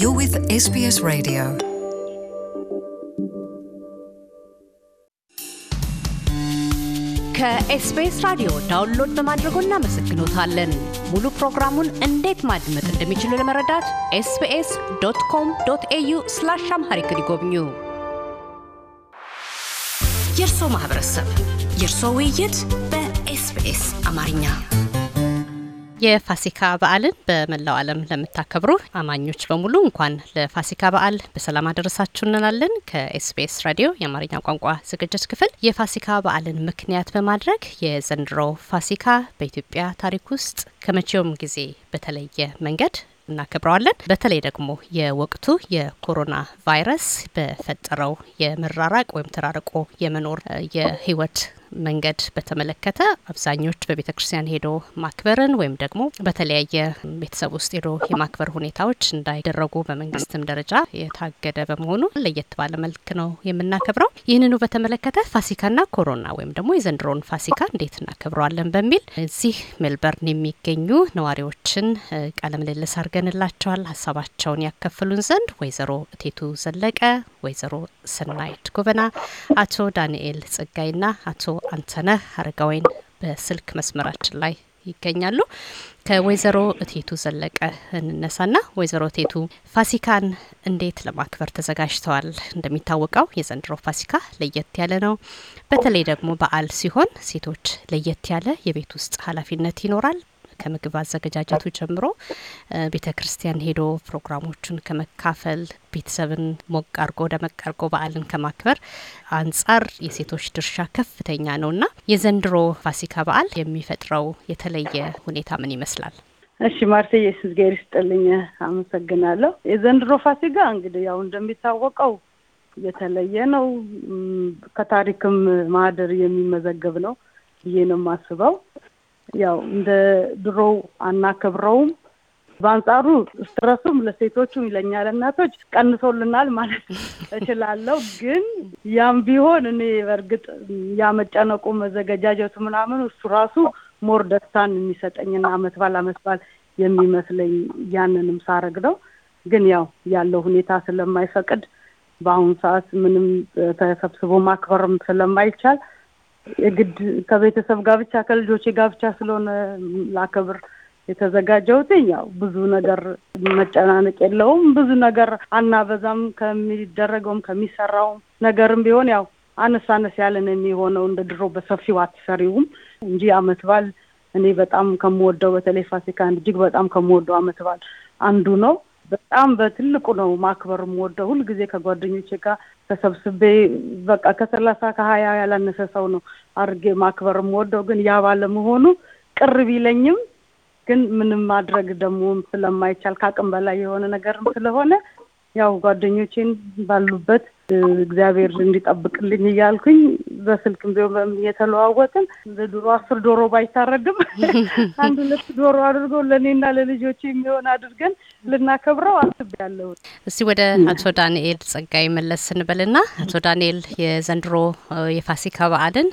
You're with SBS Radio. ከኤስቢኤስ ራዲዮ ዳውንሎድ በማድረጎ እናመሰግኖታለን። ሙሉ ፕሮግራሙን እንዴት ማድመጥ እንደሚችሉ ለመረዳት ኤስቢኤስ ዶት ኮም ዶት ኤዩ ስላሽ አምሃሪክ ይጎብኙ። የእርሶ ማህበረሰብ፣ የእርሶ ውይይት በኤስቢኤስ አማርኛ የፋሲካ በዓልን በመላው ዓለም ለምታከብሩ አማኞች በሙሉ እንኳን ለፋሲካ በዓል በሰላም አደረሳችሁ እንላለን። ከኤስቢኤስ ራዲዮ የአማርኛ ቋንቋ ዝግጅት ክፍል የፋሲካ በዓልን ምክንያት በማድረግ የዘንድሮ ፋሲካ በኢትዮጵያ ታሪክ ውስጥ ከመቼውም ጊዜ በተለየ መንገድ እናከብረዋለን። በተለይ ደግሞ የወቅቱ የኮሮና ቫይረስ በፈጠረው የመራራቅ ወይም ተራርቆ የመኖር የህይወት መንገድ በተመለከተ አብዛኞች በቤተ ክርስቲያን ሄዶ ማክበርን ወይም ደግሞ በተለያየ ቤተሰብ ውስጥ ሄዶ የማክበር ሁኔታዎች እንዳይደረጉ በመንግስትም ደረጃ የታገደ በመሆኑ ለየት ባለ መልክ ነው የምናከብረው። ይህንኑ በተመለከተ ፋሲካና ኮሮና ወይም ደግሞ የዘንድሮን ፋሲካ እንዴት እናከብረዋለን በሚል እዚህ ሜልበርን የሚገኙ ነዋሪዎችን ቃለ ምልልስ አድርገንላቸዋል። ሀሳባቸውን ያከፍሉን ዘንድ ወይዘሮ እቴቱ ዘለቀ፣ ወይዘሮ ስናይድ ጎበና፣ አቶ ዳንኤል ጸጋይና አቶ አንተነህ አረጋወይን በስልክ መስመራችን ላይ ይገኛሉ። ከወይዘሮ እቴቱ ዘለቀ እንነሳና ወይዘሮ እቴቱ ፋሲካን እንዴት ለማክበር ተዘጋጅተዋል? እንደሚታወቀው የዘንድሮ ፋሲካ ለየት ያለ ነው። በተለይ ደግሞ በዓል ሲሆን ሴቶች ለየት ያለ የቤት ውስጥ ኃላፊነት ይኖራል። ከምግብ አዘገጃጀቱ ጀምሮ ቤተ ክርስቲያን ሄዶ ፕሮግራሞቹን ከመካፈል ቤተሰብን ሞቅ አርጎ ደመቅ አርጎ በዓልን ከማክበር አንጻር የሴቶች ድርሻ ከፍተኛ ነውና የዘንድሮ ፋሲካ በዓል የሚፈጥረው የተለየ ሁኔታ ምን ይመስላል? እሺ ማርሴዬ፣ እግዜር ይስጥልኝ፣ አመሰግናለሁ። የዘንድሮ ፋሲካ እንግዲህ ያው እንደሚታወቀው የተለየ ነው። ከታሪክም ማህደር የሚመዘገብ ነው ብዬ ነው የማስበው። ያው እንደ ድሮው አናከብረውም። በአንጻሩ ስትረሱም ለሴቶቹም ለእኛ ለእናቶች ቀንሶልናል ማለት እችላለሁ። ግን ያም ቢሆን እኔ በእርግጥ ያመጨነቁ መዘገጃጀቱ ምናምን እሱ ራሱ ሞር ደስታን የሚሰጠኝና አመት ባል አመት ባል የሚመስለኝ ያንንም ሳረግ ነው። ግን ያው ያለው ሁኔታ ስለማይፈቅድ በአሁኑ ሰዓት ምንም ተሰብስቦ ማክበርም ስለማይቻል የግድ ከቤተሰብ ጋር ብቻ ከልጆቼ ጋር ብቻ ስለሆነ ላከብር የተዘጋጀሁት ያው ብዙ ነገር መጨናነቅ የለውም። ብዙ ነገር አናበዛም። ከሚደረገውም ከሚሰራውም ነገርም ቢሆን ያው አነስ አነስ ያለን የሚሆነው። እንደ ድሮ በሰፊው አትሰሪውም እንጂ አመት በዓል እኔ በጣም ከምወደው በተለይ ፋሲካን እጅግ በጣም ከምወደው አመት በዓል አንዱ ነው። በጣም በትልቁ ነው ማክበር የምወደው። ሁልጊዜ ከጓደኞቼ ጋር ተሰብስቤ በቃ ከሰላሳ ከሀያ ያላነሰ ሰው ነው አድርጌ ማክበር የምወደው። ግን ያ ባለመሆኑ ቅር ቢለኝም ግን ምንም ማድረግ ደግሞ ስለማይቻል ከአቅም በላይ የሆነ ነገር ስለሆነ ያው ጓደኞቼን ባሉበት እግዚአብሔር እንዲጠብቅልኝ እያልኩኝ በስልክም ቢሆን እየተለዋወጥን እንደ ድሮ አስር ዶሮ ባይታረድም አንድ ሁለት ዶሮ አድርገው ለእኔና ለልጆች የሚሆን አድርገን ልናከብረው አስቤያለሁ። እስቲ ወደ አቶ ዳንኤል ጸጋይ መለስ ስንበልና አቶ ዳንኤል የዘንድሮ የፋሲካ በዓልን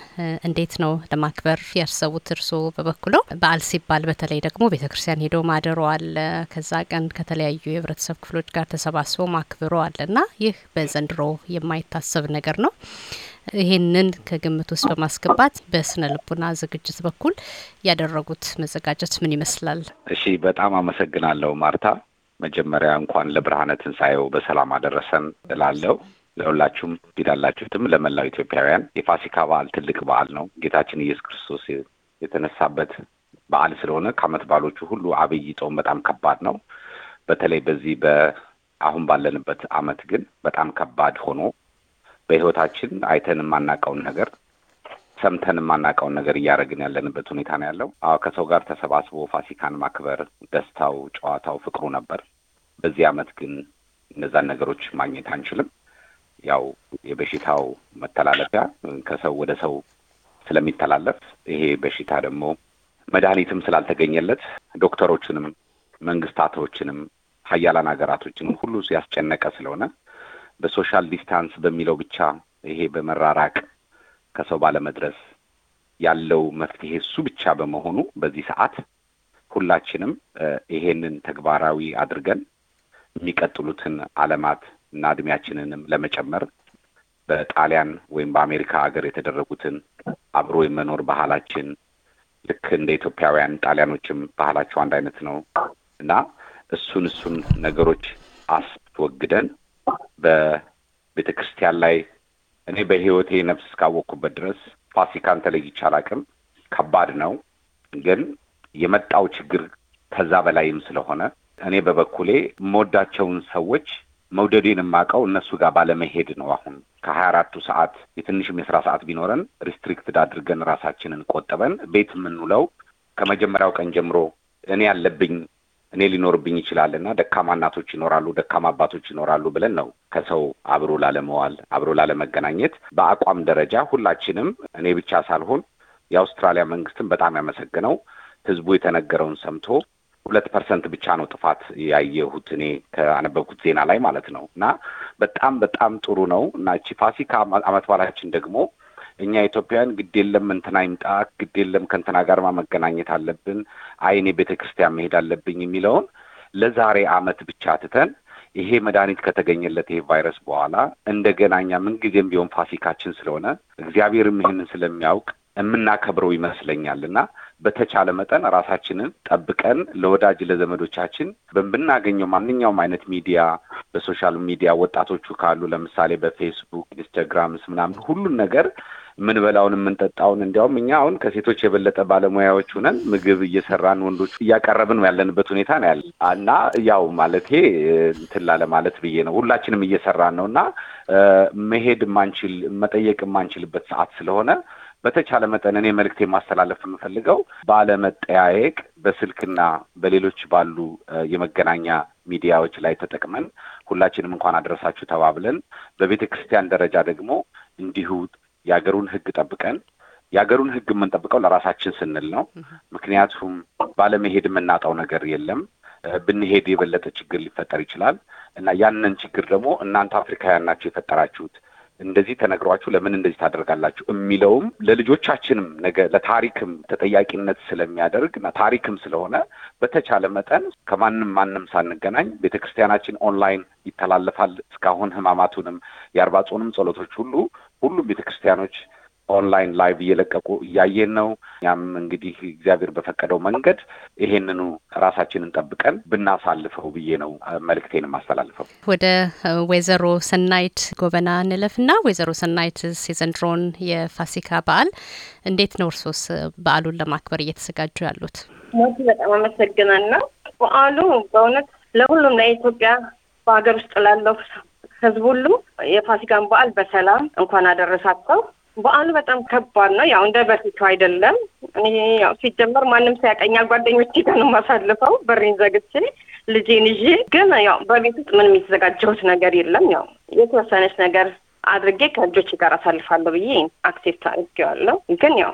እንዴት ነው ለማክበር ያሰቡት? እርስዎ በበኩሎ በዓል ሲባል በተለይ ደግሞ ቤተ ክርስቲያን ሄዶ ማደሮ አለ፣ ከዛ ቀን ከተለያዩ የህብረተሰብ ክፍሎች ጋር ተሰባስቦ ማክብሮ አለና ይህ በዘንድሮ የማይታሰብ ነገር ነው። ይህንን ከግምት ውስጥ በማስገባት በስነ ልቡና ዝግጅት በኩል ያደረጉት መዘጋጀት ምን ይመስላል? እሺ፣ በጣም አመሰግናለሁ ማርታ። መጀመሪያ እንኳን ለብርሃነ ትንሣኤው በሰላም አደረሰን እላለሁ። ለሁላችሁም ቢላላችሁትም ለመላው ኢትዮጵያውያን የፋሲካ በዓል ትልቅ በዓል ነው። ጌታችን ኢየሱስ ክርስቶስ የተነሳበት በዓል ስለሆነ ከዓመት በዓሎቹ ሁሉ አብይ ጾም በጣም ከባድ ነው። በተለይ በዚህ አሁን ባለንበት አመት ግን በጣም ከባድ ሆኖ በህይወታችን አይተን የማናውቀውን ነገር ሰምተን የማናውቀውን ነገር እያደረግን ያለንበት ሁኔታ ነው ያለው። ከሰው ጋር ተሰባስቦ ፋሲካን ማክበር ደስታው፣ ጨዋታው፣ ፍቅሩ ነበር። በዚህ አመት ግን እነዛን ነገሮች ማግኘት አንችልም። ያው የበሽታው መተላለፊያ ከሰው ወደ ሰው ስለሚተላለፍ ይሄ በሽታ ደግሞ መድኃኒትም ስላልተገኘለት ዶክተሮችንም መንግስታቶችንም ሀያላን ሀገራቶችንም ሁሉ ያስጨነቀ ስለሆነ በሶሻል ዲስታንስ በሚለው ብቻ ይሄ በመራራቅ ከሰው ባለመድረስ ያለው መፍትሄ እሱ ብቻ በመሆኑ በዚህ ሰዓት ሁላችንም ይሄንን ተግባራዊ አድርገን የሚቀጥሉትን አለማት እና እድሜያችንንም ለመጨመር በጣሊያን ወይም በአሜሪካ ሀገር የተደረጉትን አብሮ የመኖር ባህላችን ልክ እንደ ኢትዮጵያውያን ጣሊያኖችም ባህላቸው አንድ አይነት ነው እና እሱን እሱን ነገሮች አስወግደን በቤተ ክርስቲያን ላይ እኔ በህይወቴ ነፍስ እስካወቅኩበት ድረስ ፋሲካን ተለይቼ አላውቅም። ከባድ ነው፣ ግን የመጣው ችግር ከዛ በላይም ስለሆነ እኔ በበኩሌ የምወዳቸውን ሰዎች መውደዴን የማውቀው እነሱ ጋር ባለመሄድ ነው። አሁን ከሀያ አራቱ ሰዓት የትንሽም የስራ ሰዓት ቢኖረን ሪስትሪክትድ አድርገን ራሳችንን ቆጥበን ቤት የምንውለው ከመጀመሪያው ቀን ጀምሮ እኔ ያለብኝ እኔ ሊኖርብኝ ይችላል እና ደካማ እናቶች ይኖራሉ፣ ደካማ አባቶች ይኖራሉ ብለን ነው ከሰው አብሮ ላለመዋል አብሮ ላለመገናኘት በአቋም ደረጃ ሁላችንም እኔ ብቻ ሳልሆን የአውስትራሊያ መንግስትን በጣም ያመሰግነው ህዝቡ የተነገረውን ሰምቶ ሁለት ፐርሰንት ብቻ ነው ጥፋት ያየሁት እኔ ከአነበብኩት ዜና ላይ ማለት ነው እና በጣም በጣም ጥሩ ነው እና ቺ ፋሲካ አመት በዓላችን ደግሞ እኛ ኢትዮጵያውያን ግድ የለም እንትና ይምጣ፣ ግድ የለም ከእንትና ጋር መገናኘት አለብን፣ አይኔ ቤተ ክርስቲያን መሄድ አለብኝ የሚለውን ለዛሬ አመት ብቻ ትተን ይሄ መድኃኒት ከተገኘለት ይሄ ቫይረስ በኋላ እንደገና እኛ ምንጊዜም ቢሆን ፋሲካችን ስለሆነ እግዚአብሔርም ይህንን ስለሚያውቅ የምናከብረው ይመስለኛል እና በተቻለ መጠን ራሳችንን ጠብቀን ለወዳጅ ለዘመዶቻችን በምናገኘው ማንኛውም አይነት ሚዲያ በሶሻል ሚዲያ ወጣቶቹ ካሉ ለምሳሌ በፌስቡክ፣ ኢንስታግራምስ ምናምን ሁሉን ነገር ምንበላውን የምንጠጣውን እንዲያውም እኛ አሁን ከሴቶች የበለጠ ባለሙያዎች ሁነን ምግብ እየሰራን ወንዶች እያቀረብን ነው ያለንበት ሁኔታ ነው ያለ እና ያው ማለቴ እንትን ላለማለት ብዬ ነው ሁላችንም እየሰራን ነው እና መሄድ ማንችል መጠየቅ የማንችልበት ሰዓት ስለሆነ በተቻለ መጠን እኔ መልእክቴ ማስተላለፍ የምፈልገው ባለመጠያየቅ በስልክና በሌሎች ባሉ የመገናኛ ሚዲያዎች ላይ ተጠቅመን ሁላችንም እንኳን አድረሳችሁ ተባብለን በቤተ ክርስቲያን ደረጃ ደግሞ እንዲሁ የሀገሩን ህግ ጠብቀን የሀገሩን ህግ የምንጠብቀው ለራሳችን ስንል ነው። ምክንያቱም ባለመሄድ የምናጣው ነገር የለም። ብንሄድ የበለጠ ችግር ሊፈጠር ይችላል እና ያንን ችግር ደግሞ እናንተ አፍሪካውያን ናቸው የፈጠራችሁት እንደዚህ ተነግሯችሁ ለምን እንደዚህ ታደርጋላችሁ የሚለውም ለልጆቻችንም ነገ ለታሪክም ተጠያቂነት ስለሚያደርግ እና ታሪክም ስለሆነ በተቻለ መጠን ከማንም ማንም ሳንገናኝ ቤተ ክርስቲያናችን ኦንላይን ይተላለፋል። እስካሁን ህማማቱንም የአርባ ጾንም ጸሎቶች ሁሉ ሁሉም ቤተክርስቲያኖች ኦንላይን ላይቭ እየለቀቁ እያየን ነው። ያም እንግዲህ እግዚአብሔር በፈቀደው መንገድ ይሄንኑ ራሳችንን ጠብቀን ብናሳልፈው ብዬ ነው መልእክቴን ማስተላልፈው። ወደ ወይዘሮ ሰናይት ጎበና እንለፍና ወይዘሮ ሰናይት የዘንድሮን የፋሲካ በዓል እንዴት ነው እርሶስ በዓሉን ለማክበር እየተዘጋጁ ያሉት? ሞት በጣም አመሰግናለሁ። በዓሉ በእውነት ለሁሉም ለኢትዮጵያ በሀገር ውስጥ ላለው ህዝብ ሁሉ የፋሲካን በዓል በሰላም እንኳን አደረሳቸው። በዓሉ በጣም ከባድ ነው። ያው እንደ በፊቱ አይደለም። እኔ ሲጀመር ማንም ሳያቀኛል ጓደኞቼ ጋር ነው የማሳልፈው በሬን ዘግቼ ልጄን ይዤ። ግን ያው በቤት ውስጥ ምንም የተዘጋጀሁት ነገር የለም። ያው የተወሰነች ነገር አድርጌ ከእጆች ጋር አሳልፋለሁ ብዬ አክሴፕት አድርጌዋለሁ። ግን ያው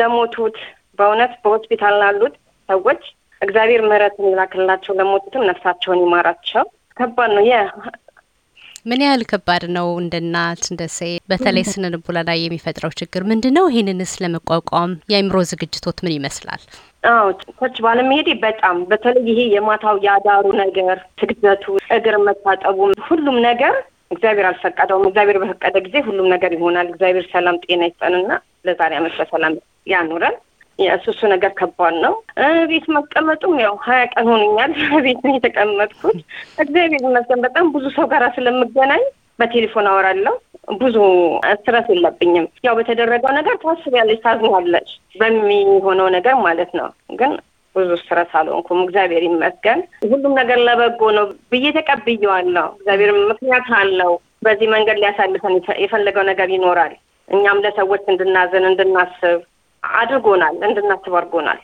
ለሞቱት በእውነት በሆስፒታል ላሉት ሰዎች እግዚአብሔር ምሕረትን ይላክላቸው፣ ለሞቱትም ነፍሳቸውን ይማራቸው። ከባድ ነው። ምን ያህል ከባድ ነው? እንደ እናት እንደ ሴ በተለይ ስነ ልቦና ላይ የሚፈጥረው ችግር ምንድን ነው? ይህንንስ ለመቋቋም የአእምሮ ዝግጅቶት ምን ይመስላል? አዎ ኮች ባለመሄዴ በጣም በተለይ ይሄ የማታው የአዳሩ ነገር ትግዘቱ፣ እግር መታጠቡ፣ ሁሉም ነገር እግዚአብሔር አልፈቀደውም። እግዚአብሔር በፈቀደ ጊዜ ሁሉም ነገር ይሆናል። እግዚአብሔር ሰላም ጤና ይስጠንና ለዛሬ አመት በሰላም ያኑረን። የሱሱ ነገር ከባድ ነው። ቤት መቀመጡም ያው ሀያ ቀን ሆኖኛል ቤት ነው የተቀመጥኩት። እግዚአብሔር ይመስገን በጣም ብዙ ሰው ጋር ስለምገናኝ በቴሌፎን አወራለሁ። ብዙ ስረት የለብኝም። ያው በተደረገው ነገር ታስቢያለች ታዝኛለሽ በሚሆነው ነገር ማለት ነው ግን ብዙ ስረት አልሆንኩም። እግዚአብሔር ይመስገን ሁሉም ነገር ለበጎ ነው ብዬ ተቀብየዋለሁ። እግዚአብሔር ምክንያት አለው። በዚህ መንገድ ሊያሳልፈን የፈለገው ነገር ይኖራል። እኛም ለሰዎች እንድናዘን እንድናስብ አድርጎናል፣ እንድናስብ አድርጎናል።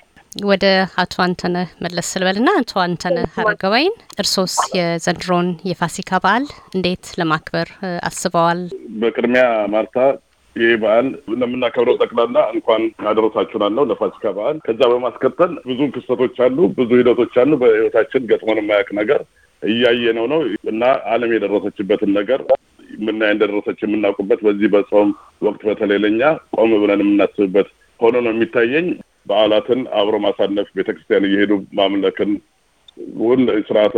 ወደ አቶ አንተነ መለስ ስልበል ና አቶ አንተነ አረጋባይን እርሶስ የዘንድሮን የፋሲካ በዓል እንዴት ለማክበር አስበዋል? በቅድሚያ ማርታ ይህ በዓል ለምናከብረው ጠቅላላ እንኳን አደረሳችሁ ላለው ለፋሲካ በዓል። ከዛ በማስከተል ብዙ ክስተቶች አሉ፣ ብዙ ሂደቶች አሉ። በህይወታችን ገጥሞን የማያውቅ ነገር እያየነው ነው እና ዓለም የደረሰችበትን ነገር ምና እንደደረሰች የምናውቁበት በዚህ በጾም ወቅት በተለይ ለኛ ቆም ብለን የምናስብበት ሆኖ ነው የሚታየኝ። በዓላትን አብሮ ማሳነፍ፣ ቤተክርስቲያን እየሄዱ ማምለክን ውን ስርዓተ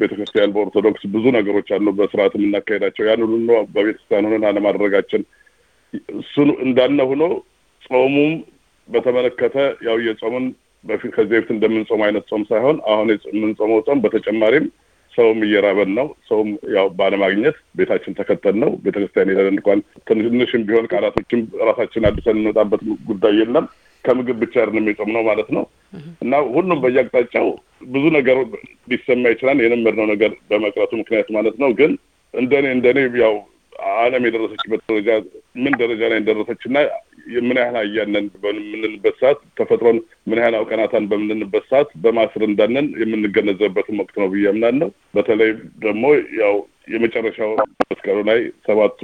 ቤተክርስቲያን በኦርቶዶክስ ብዙ ነገሮች አሉ። በስርዓት የምናካሄዳቸው ያን ሁሉ በቤተክርስቲያን ሆነን አለማድረጋችን እሱን እንዳለ ሆኖ ጾሙም በተመለከተ ያው የጾምን በፊት ከዚህ በፊት እንደምንጾም አይነት ጾም ሳይሆን አሁን የምንጾመው ጾም በተጨማሪም ሰውም እየራበን ነው። ሰውም ያው ባለማግኘት ቤታችን ተከተል ነው ቤተክርስቲያን ሄደን እንኳን ትንሽም ቢሆን ቃላቶችም ራሳችን አድሰን እንወጣበት ጉዳይ የለም። ከምግብ ብቻ አይደለም የጾም ነው ማለት ነው። እና ሁሉም በየአቅጣጫው ብዙ ነገር ሊሰማ ይችላል። የለመድነው ነገር በመቅረቱ ምክንያት ማለት ነው። ግን እንደኔ እንደኔ ያው ዓለም የደረሰችበት ደረጃ ምን ደረጃ ላይ እንደደረሰች እና ምን ያህል አያነን በምንልበት ሰዓት ተፈጥሮን ምን ያህል አውቀናታን በምንልበት ሰዓት በማስር እንዳነን የምንገነዘብበትም ወቅት ነው ብዬ አምናለሁ። በተለይ ደግሞ ያው የመጨረሻው መስቀሉ ላይ ሰባቱ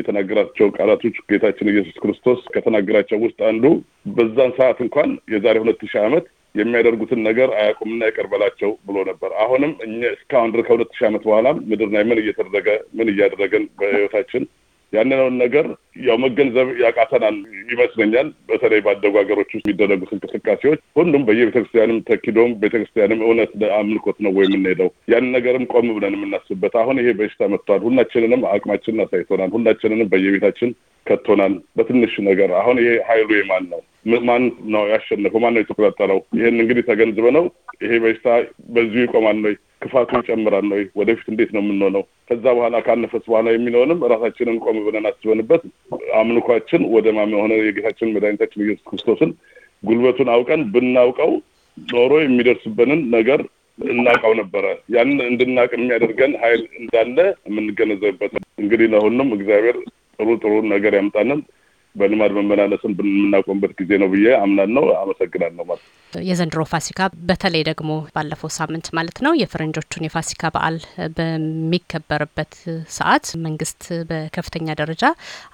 የተናገራቸው ቃላቶች ጌታችን ኢየሱስ ክርስቶስ ከተናገራቸው ውስጥ አንዱ በዛን ሰዓት እንኳን የዛሬ ሁለት ሺህ ዓመት የሚያደርጉትን ነገር አያውቁምና ይቅር ብሎ ነበር። አሁንም እኛ እስካሁን ድር ከሁለት ሺህ ዓመት በኋላ ምድር ላይ ምን እየተደረገ ምን እያደረገን በህይወታችን ያንነውን ነገር ያው መገንዘብ ያቃተናል ይመስለኛል። በተለይ ባደጉ ሀገሮች ውስጥ የሚደረጉት እንቅስቃሴዎች ሁሉም በየቤተክርስቲያንም ተኪዶም ቤተክርስቲያንም እውነት አምልኮት ነው ወይ የምንሄደው? ያንን ነገርም ቆም ብለን የምናስብበት አሁን ይሄ በሽታ መጥቷል። ሁላችንንም አቅማችንን አሳይቶናል። ሁላችንንም በየቤታችን ከቶናል። በትንሽ ነገር አሁን ይሄ ኃይሉ የማን ነው? ማን ነው ያሸነፈው? ማን ነው የተቆጣጠረው? ይህን እንግዲህ ተገንዝበ ነው ይሄ በሽታ በዚሁ ይቆማል ነው ክፋቱ ይጨምራል ወይ? ወደፊት እንዴት ነው የምንሆነው? ከዛ በኋላ ካለፈስ በኋላ የሚለውንም ራሳችንን ቆም ብለን አስበንበት አምልኳችን ወደ ማም የሆነ የጌታችን መድኃኒታችን ኢየሱስ ክርስቶስን ጉልበቱን አውቀን ብናውቀው ኖሮ የሚደርስብንን ነገር እናውቀው ነበረ። ያንን እንድናውቅ የሚያደርገን ኃይል እንዳለ የምንገነዘብበት። እንግዲህ ለሁሉም እግዚአብሔር ጥሩ ጥሩ ነገር ያምጣንን። በልማድ መመላለስን የምናቆምበት ጊዜ ነው ብዬ አምናለሁ። አመሰግናለሁ ማለት ነው። የዘንድሮ ፋሲካ በተለይ ደግሞ ባለፈው ሳምንት ማለት ነው የፈረንጆቹን የፋሲካ በዓል በሚከበርበት ሰዓት መንግስት በከፍተኛ ደረጃ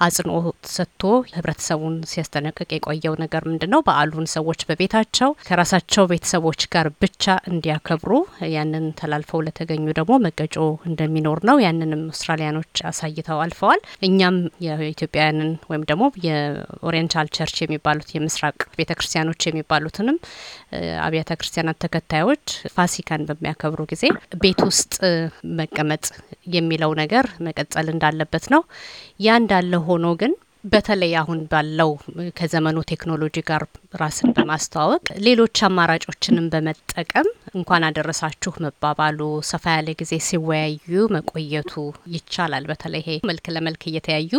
አጽንኦት ሰጥቶ ህብረተሰቡን ሲያስጠነቅቅ የቆየው ነገር ምንድን ነው? በዓሉን ሰዎች በቤታቸው ከራሳቸው ቤተሰቦች ጋር ብቻ እንዲያከብሩ ያንን ተላልፈው ለተገኙ ደግሞ መገጮ እንደሚኖር ነው። ያንንም አውስትራሊያኖች አሳይተው አልፈዋል። እኛም የኢትዮጵያውያንን ወይም ደግሞ የኦሪየንታል ቸርች የሚባሉት የምስራቅ ቤተ ክርስቲያኖች የሚባሉትንም አብያተ ክርስቲያናት ተከታዮች ፋሲካን በሚያከብሩ ጊዜ ቤት ውስጥ መቀመጥ የሚለው ነገር መቀጠል እንዳለበት ነው። ያ እንዳለ ሆኖ ግን በተለይ አሁን ባለው ከዘመኑ ቴክኖሎጂ ጋር ራስን በማስተዋወቅ ሌሎች አማራጮችንም በመጠቀም እንኳን አደረሳችሁ መባባሉ ሰፋ ያለ ጊዜ ሲወያዩ መቆየቱ ይቻላል። በተለይ ይሄ መልክ ለመልክ እየተያዩ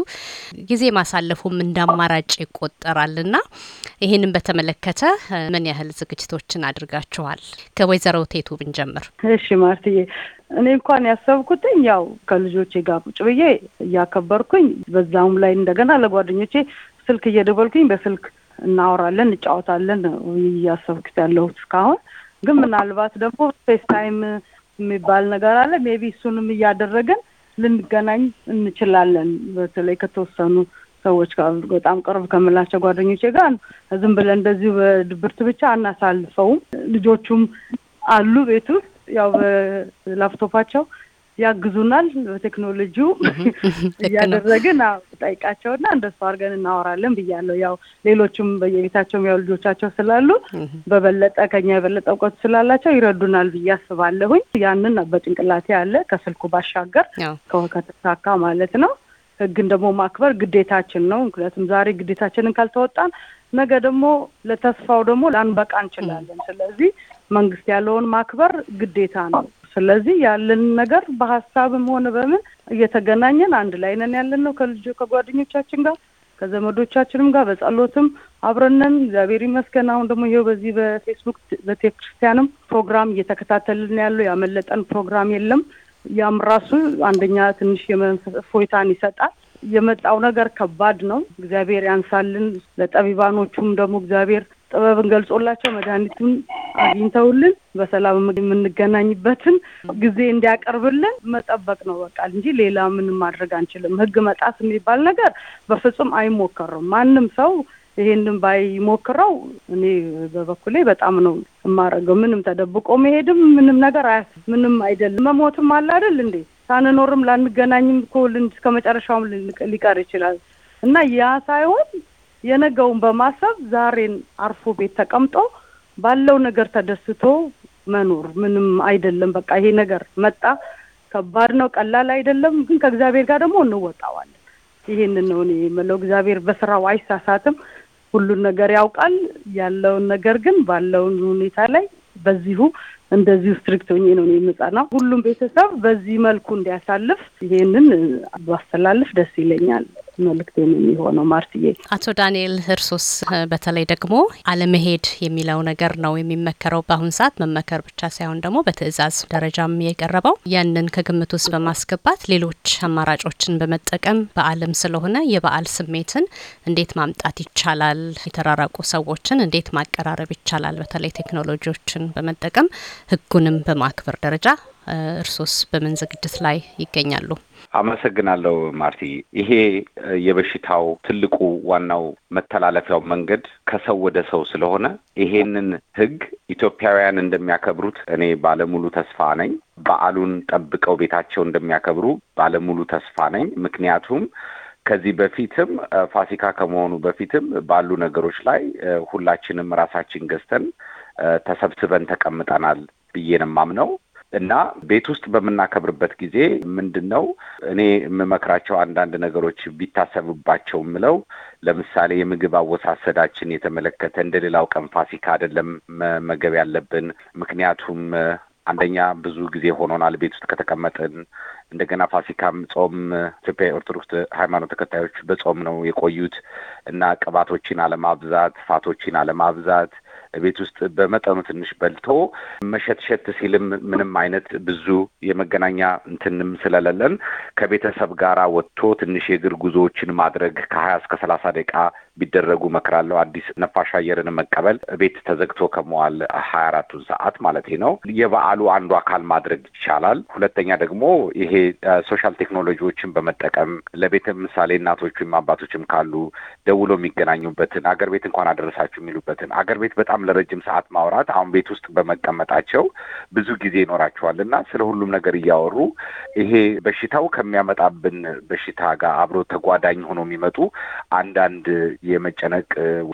ጊዜ ማሳለፉም እንደ አማራጭ ይቆጠራል እና ይህንን በተመለከተ ምን ያህል ዝግጅቶችን አድርጋችኋል? ከወይዘሮ ቴቱ ብንጀምር። እሺ ማርትዬ፣ እኔ እንኳን ያሰብኩትኝ ያው ከልጆቼ ጋር ቁጭ ብዬ እያከበርኩኝ በዛውም ላይ እንደገና ለጓደኞቼ ስልክ እየደወልኩኝ በስልክ እናወራለን፣ እንጫወታለን እያሰብኩት ያለሁት እስካሁን ግን ምናልባት ደግሞ ፌስ ታይም የሚባል ነገር አለ። ሜቢ እሱንም እያደረግን ልንገናኝ እንችላለን። በተለይ ከተወሰኑ ሰዎች ጋር በጣም ቅርብ ከምላቸው ጓደኞቼ ጋር ዝም ብለን እንደዚሁ በድብርት ብቻ አናሳልፈውም። ልጆቹም አሉ ቤት ውስጥ ያው በላፕቶፓቸው ያግዙናል። በቴክኖሎጂው እያደረግን ና እንደሱ አድርገን እናወራለን ብያለሁ። ያው ሌሎችም በየቤታቸውም ያው ልጆቻቸው ስላሉ በበለጠ ከኛ የበለጠ እውቀቱ ስላላቸው ይረዱናል ብዬ አስባለሁኝ። ያንን በጭንቅላቴ ያለ ከስልኩ ባሻገር ከተሳካ ማለት ነው። ህግን ደግሞ ማክበር ግዴታችን ነው። ምክንያቱም ዛሬ ግዴታችንን ካልተወጣን ነገ ደግሞ ለተስፋው ደግሞ ላንበቃ እንችላለን። ስለዚህ መንግስት ያለውን ማክበር ግዴታ ነው። ስለዚህ ያለን ነገር በሀሳብም ሆነ በምን እየተገናኘን አንድ ላይ ነን ያለን ነው ከልጅ ከጓደኞቻችን ጋር ከዘመዶቻችንም ጋር በጸሎትም አብረነን እግዚአብሔር ይመስገን። አሁን ደግሞ ይኸው በዚህ በፌስቡክ ቤተክርስቲያንም ፕሮግራም እየተከታተልን ያለው ያመለጠን ፕሮግራም የለም። ያም ራሱ አንደኛ ትንሽ የመንፈስ ይሰጣል። የመጣው ነገር ከባድ ነው። እግዚአብሔር ያንሳልን። ለጠቢባኖቹም ደግሞ እግዚአብሔር ጥበብን ገልጾላቸው መድኃኒቱን አግኝተውልን በሰላም የምንገናኝበትን ጊዜ እንዲያቀርብልን መጠበቅ ነው በቃል እንጂ ሌላ ምንም ማድረግ አንችልም። ህግ መጣስ የሚባል ነገር በፍጹም አይሞከርም። ማንም ሰው ይሄንን ባይሞክረው እኔ በበኩሌ በጣም ነው የማረገው። ምንም ተደብቆ መሄድም ምንም ነገር አያስ ምንም አይደለም። መሞትም አለ አይደል እንዴ? ሳንኖርም ላንገናኝም እኮ እስከ መጨረሻውም ሊቀር ይችላል እና ያ ሳይሆን የነገውን በማሰብ ዛሬን አርፎ ቤት ተቀምጦ ባለው ነገር ተደስቶ መኖር ምንም አይደለም። በቃ ይሄ ነገር መጣ፣ ከባድ ነው፣ ቀላል አይደለም። ግን ከእግዚአብሔር ጋር ደግሞ እንወጣዋለን። ይህን ነው እኔ የምለው። እግዚአብሔር በስራው አይሳሳትም፣ ሁሉን ነገር ያውቃል። ያለውን ነገር ግን ባለውን ሁኔታ ላይ በዚሁ እንደዚሁ ስትሪክት ሆኜ ነው የምጸናው። ሁሉም ቤተሰብ በዚህ መልኩ እንዲያሳልፍ ይሄንን ባስተላልፍ ደስ ይለኛል። መልእክት የሚሆነው ማርትዬ። አቶ ዳንኤል እርሶስ በተለይ ደግሞ አለመሄድ የሚለው ነገር ነው የሚመከረው በአሁን ሰዓት መመከር ብቻ ሳይሆን ደግሞ በትዕዛዝ ደረጃም የቀረበው ያንን ከግምት ውስጥ በማስገባት ሌሎች አማራጮችን በመጠቀም በዓልም ስለሆነ የበዓል ስሜትን እንዴት ማምጣት ይቻላል? የተራራቁ ሰዎችን እንዴት ማቀራረብ ይቻላል? በተለይ ቴክኖሎጂዎችን በመጠቀም ህጉንም በማክበር ደረጃ እርሶስ በምን ዝግጅት ላይ ይገኛሉ? አመሰግናለሁ ማርቲ። ይሄ የበሽታው ትልቁ ዋናው መተላለፊያው መንገድ ከሰው ወደ ሰው ስለሆነ ይሄንን ሕግ ኢትዮጵያውያን እንደሚያከብሩት እኔ ባለሙሉ ተስፋ ነኝ። በዓሉን ጠብቀው ቤታቸው እንደሚያከብሩ ባለሙሉ ተስፋ ነኝ። ምክንያቱም ከዚህ በፊትም ፋሲካ ከመሆኑ በፊትም ባሉ ነገሮች ላይ ሁላችንም ራሳችን ገዝተን ተሰብስበን ተቀምጠናል ብዬ ነው የማምነው። እና ቤት ውስጥ በምናከብርበት ጊዜ ምንድን ነው እኔ የምመክራቸው አንዳንድ ነገሮች ቢታሰብባቸው ምለው ለምሳሌ የምግብ አወሳሰዳችን የተመለከተ እንደ ሌላው ቀን ፋሲካ አይደለም መመገብ ያለብን። ምክንያቱም አንደኛ ብዙ ጊዜ ሆኖናል ቤት ውስጥ ከተቀመጥን። እንደገና ፋሲካም ጾም ኢትዮጵያ ኦርቶዶክስ ሃይማኖት ተከታዮች በጾም ነው የቆዩት እና ቅባቶችን አለማብዛት፣ ፋቶችን አለማብዛት ቤት ውስጥ በመጠኑ ትንሽ በልቶ መሸትሸት ሲልም ምንም አይነት ብዙ የመገናኛ እንትንም ስለሌለን ከቤተሰብ ጋር ወጥቶ ትንሽ የእግር ጉዞዎችን ማድረግ ከሀያ እስከ ሰላሳ ደቂቃ ቢደረጉ መክራለሁ። አዲስ ነፋሻ አየርን መቀበል ቤት ተዘግቶ ከመዋል ሀያ አራቱን ሰዓት ማለት ነው። የበዓሉ አንዱ አካል ማድረግ ይቻላል። ሁለተኛ ደግሞ ይሄ ሶሻል ቴክኖሎጂዎችን በመጠቀም ለቤተ ምሳሌ ወይም አባቶችም ካሉ ደውሎ የሚገናኙበትን አገር ቤት እንኳን አደረሳችሁ የሚሉበትን አገር ቤት በጣም አልቻሉም ለረጅም ሰዓት ማውራት። አሁን ቤት ውስጥ በመቀመጣቸው ብዙ ጊዜ ይኖራቸዋል እና ስለ ሁሉም ነገር እያወሩ ይሄ በሽታው ከሚያመጣብን በሽታ ጋር አብሮ ተጓዳኝ ሆኖ የሚመጡ አንዳንድ የመጨነቅ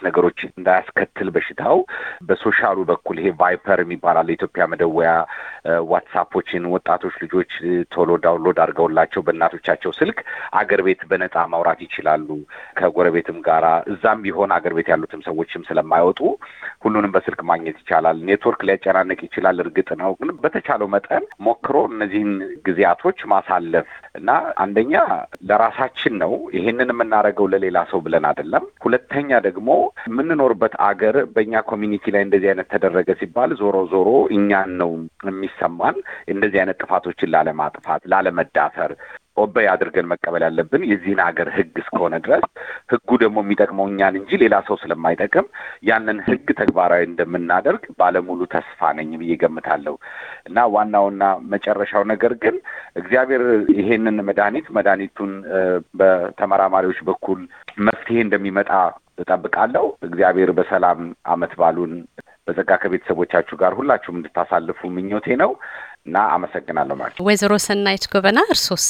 ነገሮች እንዳያስከትል በሽታው በሶሻሉ በኩል ይሄ ቫይፐር የሚባላል ኢትዮጵያ መደወያ ዋትሳፖችን ወጣቶች ልጆች ቶሎ ዳውንሎድ አድርገውላቸው በእናቶቻቸው ስልክ አገር ቤት በነጻ ማውራት ይችላሉ። ከጎረቤትም ጋራ እዛም ቢሆን አገር ቤት ያሉትም ሰዎችም ስለማይወጡ ሁሉንም በስልክ ማግኘት ይቻላል። ኔትወርክ ሊያጨናንቅ ይችላል፣ እርግጥ ነው። ግን በተቻለው መጠን ሞክሮ እነዚህን ጊዜያቶች ማሳለፍ እና አንደኛ ለራሳችን ነው ይሄንን የምናደርገው ለሌላ ሰው ብለን አይደለም። ሁለተኛ ደግሞ የምንኖርበት አገር በእኛ ኮሚኒቲ ላይ እንደዚህ አይነት ተደረገ ሲባል ዞሮ ዞሮ እኛን ነው የሚሰማን። እንደዚህ አይነት ጥፋቶችን ላለማጥፋት፣ ላለመዳፈር ኦበይ አድርገን መቀበል ያለብን የዚህን ሀገር ህግ እስከሆነ ድረስ ህጉ ደግሞ የሚጠቅመው እኛን እንጂ ሌላ ሰው ስለማይጠቅም ያንን ህግ ተግባራዊ እንደምናደርግ ባለሙሉ ተስፋ ነኝ ብዬ ገምታለሁ እና ዋናውና መጨረሻው ነገር ግን እግዚአብሔር ይሄንን መድኃኒት መድኃኒቱን በተመራማሪዎች በኩል መፍትሄ እንደሚመጣ እጠብቃለሁ። እግዚአብሔር በሰላም አመት ባሉን በጸጋ ከቤተሰቦቻችሁ ጋር ሁላችሁም እንድታሳልፉ ምኞቴ ነው። እና አመሰግናለሁ ማለት ወይዘሮ ሰናይት ጎበና እርሶስ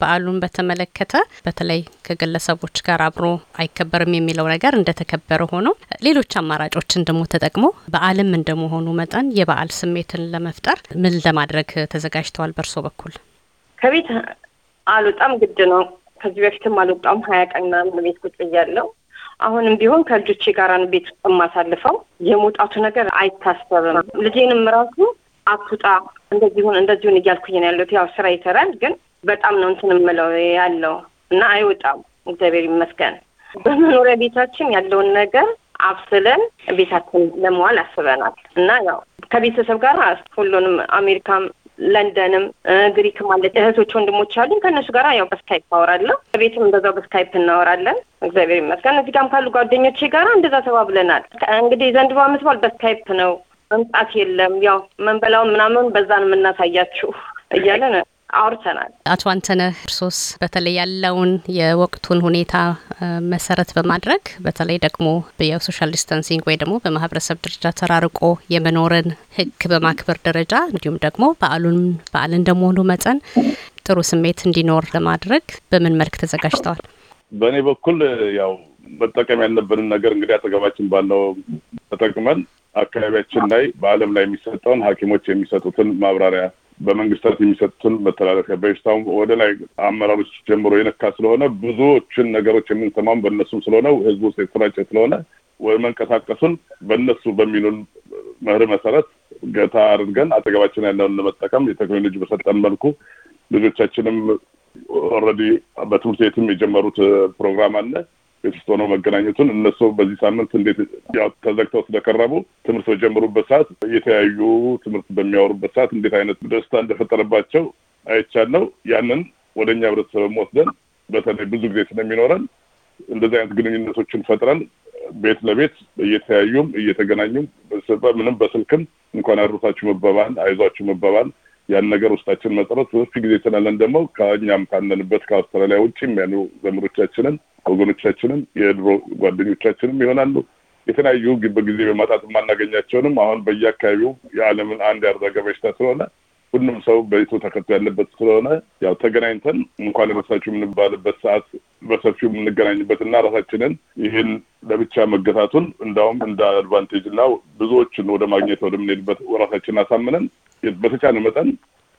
በዓሉን በተመለከተ በተለይ ከግለሰቦች ጋር አብሮ አይከበርም የሚለው ነገር እንደተከበረ ሆኖ ሌሎች አማራጮችን ደግሞ ተጠቅሞ በዓልም እንደመሆኑ መጠን የበዓል ስሜትን ለመፍጠር ምን ለማድረግ ተዘጋጅተዋል? በእርሶ በኩል ከቤት አልወጣም ግድ ነው። ከዚህ በፊትም አልወጣም ሀያ ቀን ምናምን ቤት ቁጭ እያለው አሁንም ቢሆን ከልጆቼ ጋራን ቤት ውስጥ የማሳልፈው የመውጣቱ ነገር አይታሰብም። ልጄንም ራሱ አትውጣ እንደዚሁን እንደዚሁን እያልኩኝ ነው ያለሁት። ያው ስራ ይሰራል፣ ግን በጣም ነው እንትን የምለው ያለው እና አይወጣም። እግዚአብሔር ይመስገን በመኖሪያ ቤታችን ያለውን ነገር አብስለን ቤታችን ለመዋል አስበናል እና ያው ከቤተሰብ ጋር ሁሉንም አሜሪካም ለንደንም ግሪክ ማለት እህቶች ወንድሞች አሉኝ። ከእነሱ ጋር ያው በስካይፕ አወራለሁ። ቤትም እንደዛው በስካይፕ እናወራለን። እግዚአብሔር ይመስገን እዚህ ጋም ካሉ ጓደኞቼ ጋር እንደዛ ተባብለናል። እንግዲህ ዘንድሮ ዓመት በዓል በስካይፕ ነው መምጣት የለም ያው መንበላውን ምናምን በዛን የምናሳያችሁ እያለን አውርተናል። አቶ አንተነህ እርሶስ በተለይ ያለውን የወቅቱን ሁኔታ መሰረት በማድረግ በተለይ ደግሞ የሶሻል ዲስታንሲንግ ወይ ደግሞ በማህበረሰብ ደረጃ ተራርቆ የመኖርን ሕግ በማክበር ደረጃ እንዲሁም ደግሞ በዓሉን በዓል እንደመሆኑ መጠን ጥሩ ስሜት እንዲኖር ለማድረግ በምን መልክ ተዘጋጅተዋል? በእኔ በኩል ያው መጠቀም ያለብንን ነገር እንግዲህ አጠገባችን ባለው ተጠቅመን አካባቢያችን ላይ በዓለም ላይ የሚሰጠውን ሐኪሞች የሚሰጡትን ማብራሪያ በመንግስታት የሚሰጡትን መተላለፊያ በሽታው ወደ ላይ አመራሮች ጀምሮ የነካ ስለሆነ ብዙዎችን ነገሮች የምንሰማም በእነሱም ስለሆነ ህዝቡ ውስጥ የተሰራጨ ስለሆነ መንቀሳቀሱን በእነሱ በሚሉን መህር መሰረት ገታ አድርገን አጠገባችን ያለውን ለመጠቀም የቴክኖሎጂ በሰጠን መልኩ ልጆቻችንም ኦልሬዲ በትምህርት ቤትም የጀመሩት ፕሮግራም አለ። ቤት ሆነው መገናኘቱን እነሱ በዚህ ሳምንት እንዴት ተዘግተው ስለቀረቡ ትምህርት በጀመሩበት ሰዓት የተለያዩ ትምህርት በሚያወሩበት ሰዓት እንዴት አይነት ደስታ እንደፈጠረባቸው አይቻለው። ያንን ወደ እኛ ህብረተሰብ ወስደን በተለይ ብዙ ጊዜ ስለሚኖረን እንደዚህ አይነት ግንኙነቶችን ፈጥረን ቤት ለቤት እየተያዩም እየተገናኙም ምንም በስልክም እንኳን አድሮታችሁ መባባል አይዟችሁ መባባል ያን ነገር ውስጣችን መሰረት ሰፊ ጊዜ ስላለን ደግሞ ከእኛም ካለንበት ከአውስትራሊያ ውጭም ያሉ ዘመዶቻችንን ወገኖቻችንም የድሮ ጓደኞቻችንም ይሆናሉ። የተለያዩ በጊዜ በማጣት የማናገኛቸውንም አሁን በየአካባቢው የዓለምን አንድ ያደረገ በሽታ ስለሆነ ሁሉም ሰው በይቶ ተከቶ ያለበት ስለሆነ ያው ተገናኝተን እንኳን ረሳችሁ የምንባልበት ሰዓት በሰፊው የምንገናኝበት እና ራሳችንን ይህን ለብቻ መገታቱን እንዳውም እንደ አድቫንቴጅ እና ብዙዎችን ወደ ማግኘት ወደምንሄድበት ራሳችንን አሳምነን በተቻለ መጠን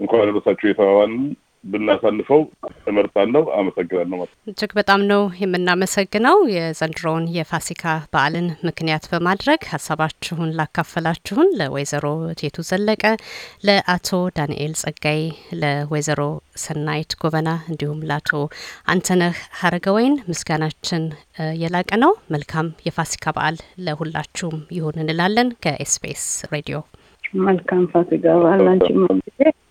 እንኳን ረሳችሁ የተባባልን ብናሳልፈው እመርጣለሁ። አመሰግናለሁ። እጅግ በጣም ነው የምናመሰግነው የዘንድሮውን የፋሲካ በዓልን ምክንያት በማድረግ ሀሳባችሁን ላካፈላችሁን ለወይዘሮ ቴቱ ዘለቀ፣ ለአቶ ዳንኤል ጸጋይ፣ ለወይዘሮ ሰናይት ጎበና እንዲሁም ለአቶ አንተነህ ሀረገወይን ምስጋናችን የላቀ ነው። መልካም የፋሲካ በዓል ለሁላችሁም ይሁን እንላለን። ከኤስቢኤስ ሬዲዮ መልካም ፋሲካ በዓል